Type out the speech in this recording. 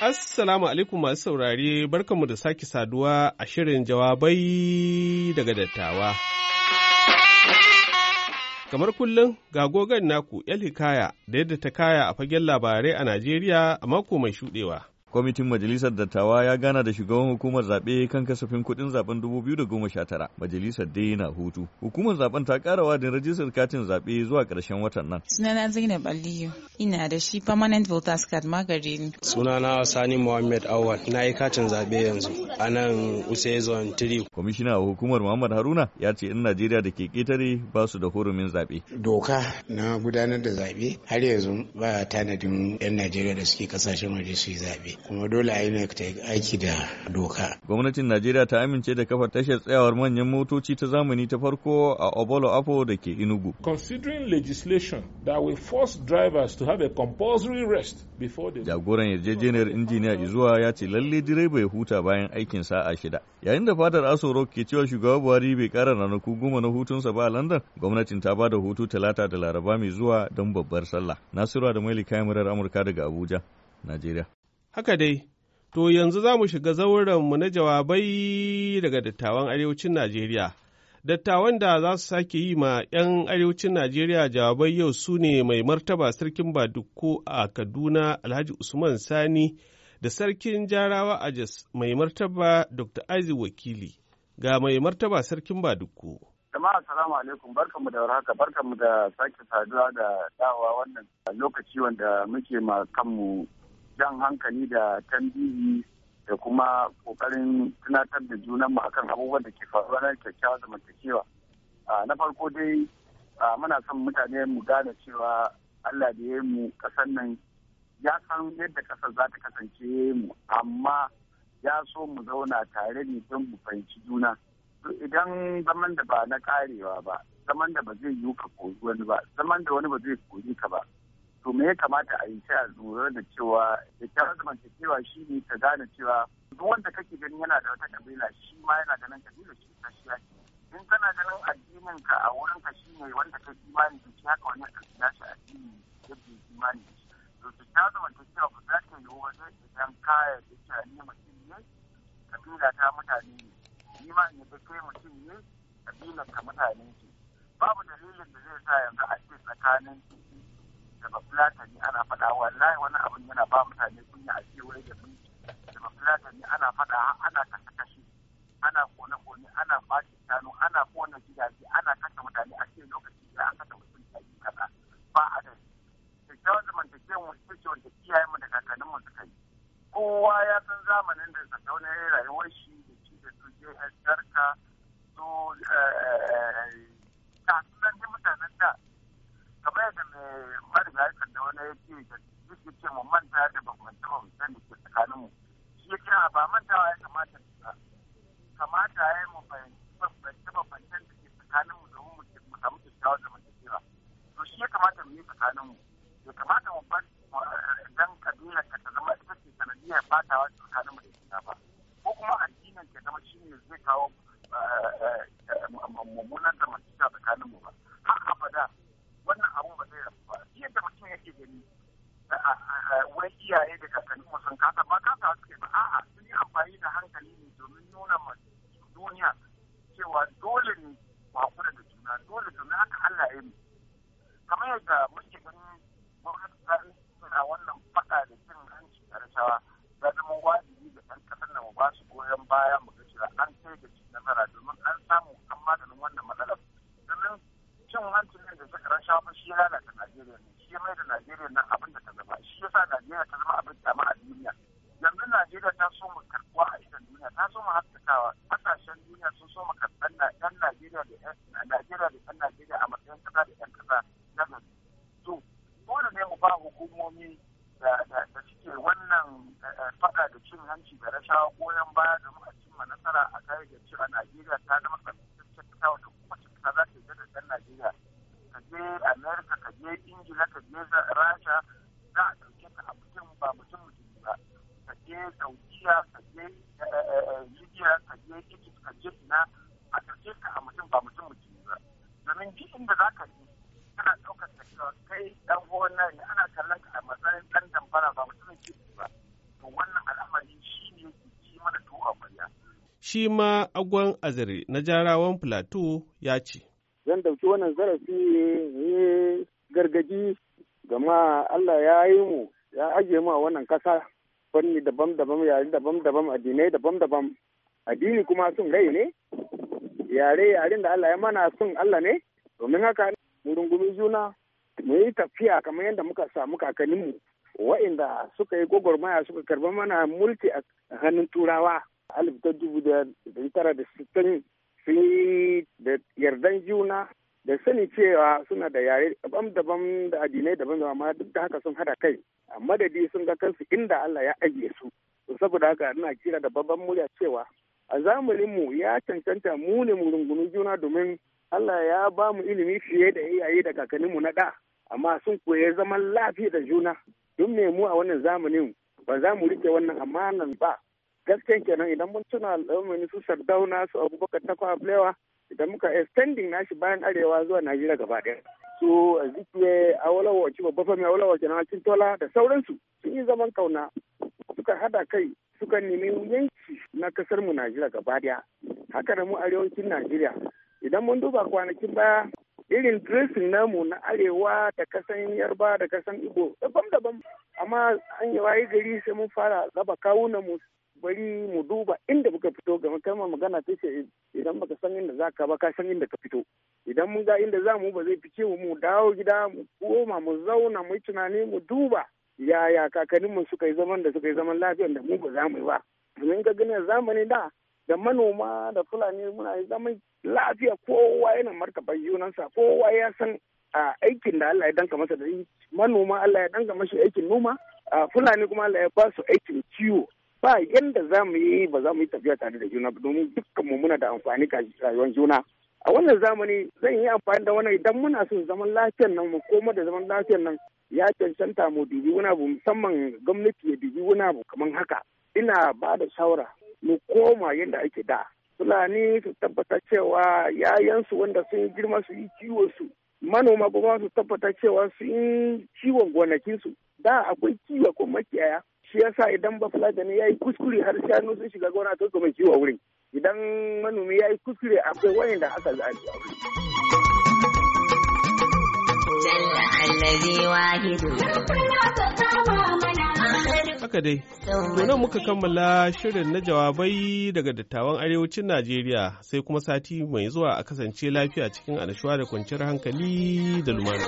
Assalamu alaikum masu saurare barkanmu da sake saduwa a shirin jawabai daga dattawa. Kamar kullum ga gogon naku 'yan Hikaya da yadda ta kaya a fagen labarai a Najeriya a mako mai shuɗewa. Kwamitin Majalisar Dattawa ya gana da shugaban hukumar zaɓe kan kasafin kuɗin zaben 2019. Majalisar dai na hutu. Hukumar zaɓen ta ƙara wadin rajistar katin zaɓe zuwa ƙarshen watan nan. Sunana Zainab Aliyu. Ina da shi permanent voters card magari Sunana Sani Muhammad Awal. Na yi katin zaɓe yanzu. A nan Usai Zone 3. Kwamishina a hukumar Muhammad Haruna ya ce in Najeriya da ke ƙetare ba su da hurumin zaɓe. Doka na gudanar da zaɓe har yanzu ba tanadin 'yan Najeriya da suke ƙasashen waje su yi zaɓe. kuma dole a ne ta aiki da doka. Gwamnatin Najeriya ta amince da kafa tashar tsayawar manyan motoci ta zamani ta farko a Obolo Apo da ke Enugu. Considering legislation that will force drivers to have a compulsory rest before they... Jagoran yarjejeniyar injiniya Izuwa ya ce lalle direba ya huta bayan aikin sa'a shida. Yayin da fadar Aso Rock ke cewa shugaba Buhari bai kara ranaku goma na hutunsa ba a London, gwamnatin ta ba da hutu talata da laraba mai zuwa don babbar sallah. Nasiru da Maili kayan murar Amurka daga Abuja, Najeriya. Haka dai, to yanzu za mu shiga zaurenmu na jawabai daga dattawan arewacin Najeriya. Dattawan da za su sake yi ma 'yan arewacin Najeriya jawabai yau su ne mai martaba sarkin Baduko a Kaduna Alhaji Usman Sani da sarkin Jarawa a Jos mai martaba Dr. Aizi Wakili ga mai martaba sarkin baduko jama'a salamu alaikum barkanmu da warhaka barkanmu da sake saduwa da dawa wannan lokaci wanda muke ma kanmu jan hankali da tambihi da kuma kokarin tunatar da mu akan abubuwan da ke faruwa na kyakkyawa zamantakewa na farko dai muna son mutane mu gane cewa allah da ya mu kasan nan ya san yadda kasar za ta kasance mu amma ya so mu zauna tare ne don mu fahimci juna idan zaman da ba na karewa ba zaman da ba zai yi ka kori wani ba zaman da wani ba zai kori ka ba to me ya kamata a yi a lura da cewa Da zamanta cewa shi ne ka gane cewa duk wanda kake ganin yana da wata kabila shi ma yana ganin kabila shi ta shi ake in kana ganin addinin ka a wurin ka shi ne wanda ka imani da shi haka wani ka ya shi addini yadda ya imani da shi to zamanta cewa ba za ta wa wajen idan ka yarda cewa ni mutum ne kabila ta mutane ne ni ma in kai mutum ne kabila ka mutane ce babu dalilin da zai sa yanzu a ce tsakanin da bafulatani ana faɗa wallahi wani abin yana ba mutane kunya a kewaye da mun da bafulatani ana faɗa ana kashe ana kone-kone ana ɓaci shanu ana kone gidaje ana makwabta da bambanta bambanta da ke tsakanin mu shi ya kira ba mantawa ya kamata kamata ya yi mu fahimci bambance bambancen da ke tsakanin mu domin mu samu kyakkyawar zamantakewa to shi ya kamata mu yi tsakanin mu ya kamata mu bar eh, dan kabila ka ta zama ita ce sanadiyar batawa tsakanin mu da ita ba ko kuma addinin ka zama shi ne zai kawo kamar iyaye da kakanni sun kasa ba kasa suke ba a'a sun yi amfani da hankali ne domin nuna ma duniya cewa dole ne kuna da juna dole domin haka Allah ya yi kamar yadda muke ganin gwamnati ta suna wannan faɗa da cin hanci a rashawa da zama wajibi da ɗan ƙasar na mu ba su goyon baya mu ga cewa an kai da cin nasara domin an samu an maganin wannan matsalar domin cin hancin da suka rashawa shi ya lalata Najeriya ne shi ya mai da Najeriya nan abin da ta zama shi yasa Najeriya ta zama abin a duniya yanzu Najeriya ta so mu karbuwa a idan duniya ta so mu haskakawa kasashen duniya sun so mu karɓar ɗan Najeriya da Najeriya da ɗan Najeriya a matsayin kasa da ɗan kasa na gari to dole ne mu ba hukumomi da suke wannan eh, eh, faɗa da cin hanci da rashawa goyon baya da a cimma nasara a kai da cewa Najeriya ta zama karɓar ta wata kuma ta za ta yi da ɗan Najeriya ka je Amerika ka Ingila ka Rasha za a ɗauke ka a mutum ba mutum mutum ba ka je saudiya ka je eh, eh, eh, libya ka je egypt ka je ina a ɗauke ka a mutum ba mutum mutum ba domin duk inda za ka je kana ɗaukar ka cewa kai ɗan gona ne ana kallon ka a matsayin ɗan dambara ba mutumin kirki ba to wannan al'amari shi ne ke ci mana tuwo a kwarya. shi ma agwan azare na jarawan plateau ya ce. zan ɗauki wannan zarafi ne gargaji gama Allah ya yi mu ya ajiye mu a wannan kasa fanni daban-daban yare daban-daban addinai daban-daban addini kuma sun rai ne yare yaren da Allah ya mana sun Allah ne domin haka mu rungumi juna mu yi tafiya kamar yadda muka samu kakanninmu wa'inda suka yi gwagwarmaya suka karba mana mulki a hannun turawa alif ta dubu da tara da sittin sun yi da yardan juna da sani cewa suna da yare daban-daban da addinai daban-daban amma duk da haka sun hada kai a madadi sun ga kansu inda Allah ya ajiye su saboda haka ina kira da babban murya cewa a zamaninmu ya cancanta mu ne mu rungunu juna domin Allah ya ba mu ilimi fiye da iyaye da mu na da amma sun koya zaman lafiya da juna don me mu a wannan zamanin ba za mu rike wannan amanan ba gaskiya kenan idan mun tuna al'ummani su sardauna su abubakar takwa flewa idan muka extending nashi bayan arewa zuwa najeriya gaba ɗaya su a wala ci babba fami awolowo kenan tola da sauransu sun yi zaman kauna suka hada kai suka nemi yanki na kasar mu najeriya gaba ɗaya haka da mu arewacin najeriya idan mun duba kwanakin baya irin dressing namu na arewa da kasan yarba da kasan igbo daban-daban amma an yi waye gari sai mun fara raba kawunan mu bari mu duba inda muka fito game kalmar magana ta ce idan baka san inda za ka ba ka san inda ka fito idan mun ga inda za mu ba zai fice mu mu dawo gida mu koma mu zauna mu tunani mu duba yaya kakanninmu suka yi zaman da suka yi zaman lafiyar da mu ba za mu yi ba domin ka gani zamani da da manoma da fulani muna zaman lafiya kowa yana martaban junansa kowa ya san aikin da Allah ya danka masa da yi manoma Allah ya danka masa aikin noma fulani kuma Allah ya ba su aikin kiwo ba yanda za mu yi ba za mu yi tafiya tare da juna domin dukkan mu muna da amfani ga rayuwar juna a wannan zamani zan yi amfani da wannan idan muna son zaman lafiyar nan mu koma da zaman lafiyar nan ya cancanta mu dubi wani abu musamman gwamnati ya dubi wani abu kamar haka ina ba da shawara mu koma yadda ake da fulani su tabbata cewa yayansu wanda sun girma su yi ciwon su manoma kuma su tabbata cewa sun yi ciwon gonakinsu da akwai kiwo ko makiyaya shi yasa idan ba ne ya yi kuskure har shanu sun shiga gona to kuma kiwo wurin idan manomi ya yi kuskure akwai wayan da aka zaɓi a wurin. Haka dai, nan muka kammala shirin na jawabai daga dattawan arewacin Najeriya sai kuma sati mai zuwa a kasance lafiya cikin annashuwa da kwanciyar hankali da lumana.